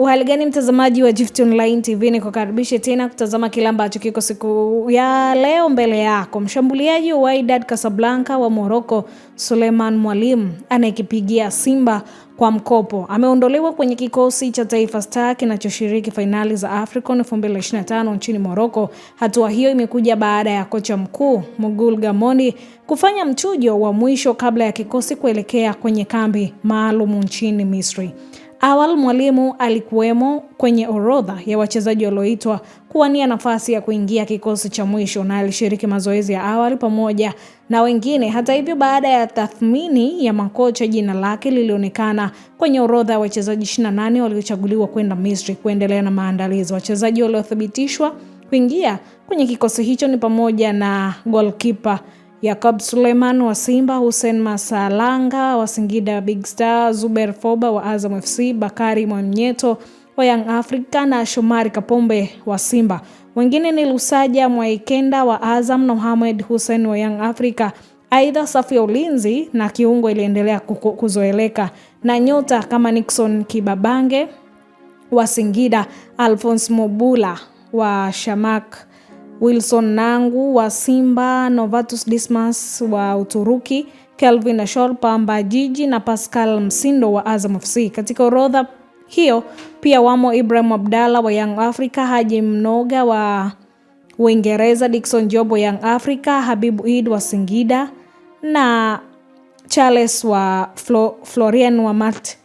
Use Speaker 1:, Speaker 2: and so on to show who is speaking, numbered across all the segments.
Speaker 1: Uhali gani mtazamaji wa Gift Online TV, nikukaribishe tena kutazama kile ambacho kiko siku ya leo mbele yako. Mshambuliaji wa Wydad Casablanca wa Morocco Suleiman Mwalimu anayekipigia Simba kwa mkopo ameondolewa kwenye kikosi cha Taifa Star kinachoshiriki fainali za AFCON 2025 nchini Morocco. Hatua hiyo imekuja baada ya kocha mkuu Mugul Gamondi kufanya mchujo wa mwisho kabla ya kikosi kuelekea kwenye kambi maalum nchini Misri. Awali Mwalimu alikuwemo kwenye orodha ya wachezaji walioitwa kuwania nafasi ya kuingia kikosi cha mwisho na alishiriki mazoezi ya awali pamoja na wengine. Hata hivyo, baada ya tathmini ya makocha, jina lake lilionekana kwenye orodha ya wachezaji 28 waliochaguliwa kwenda Misri kuendelea na maandalizi. Wachezaji waliothibitishwa kuingia kwenye kikosi hicho ni pamoja na golkipa Yakob Suleiman wa Simba, Hussein Masalanga wa Singida Big Star, Zuber Foba wa Azam FC, Bakari Mwamnyeto wa Young Africa na Shomari Kapombe wa Simba. Wengine ni Lusaja Mwaikenda wa Azam na Mohamed Hussein wa Young Africa. Aidha, safu ya ulinzi na kiungo iliendelea kuzoeleka na nyota kama Nixon Kibabange wa Singida, Alphonse Mobula wa Shamak Wilson Nangu wa Simba, Novatus Dismas wa Uturuki, Kelvin Ashol Pamba Jiji na Pascal Msindo wa Azam FC. Katika orodha hiyo pia wamo Ibrahim Abdalla wa Young Africa, Haji Mnoga wa Uingereza, Dickson Jobo Young Africa, Habibu Eid wa Singida na Charles wa Flo, Florian wa Mart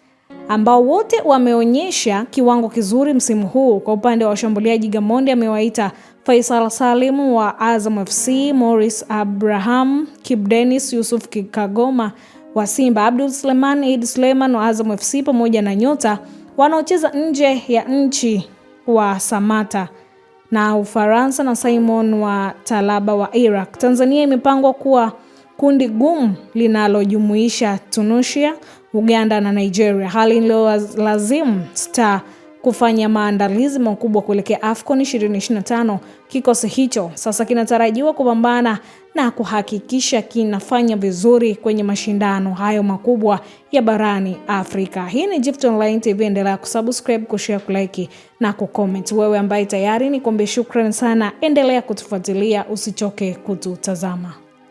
Speaker 1: ambao wote wameonyesha kiwango kizuri msimu huu. Kwa upande wa washambuliaji, Gamondi amewaita Faisal Salim wa Azam FC, Morris Abraham, Kip Dennis, Yusuf Kikagoma wa Simba, Abdul Sleman, Eid Sleman wa Azam FC pamoja na nyota wanaocheza nje ya nchi wa Samata na Ufaransa na Simon wa Talaba wa Iraq. Tanzania imepangwa kuwa kundi gumu linalojumuisha Tunisia, Uganda na Nigeria, hali iliyolazimu Star kufanya maandalizi makubwa kuelekea AFCON 2025. Kikosi hicho sasa kinatarajiwa kupambana na kuhakikisha kinafanya vizuri kwenye mashindano hayo makubwa ya barani Afrika. Hii ni Gift Online TV, endelea kusubscribe, kushare, kulike na kucomment. Wewe ambaye tayari ni kuombe shukrani sana, endelea kutufuatilia, usichoke kututazama.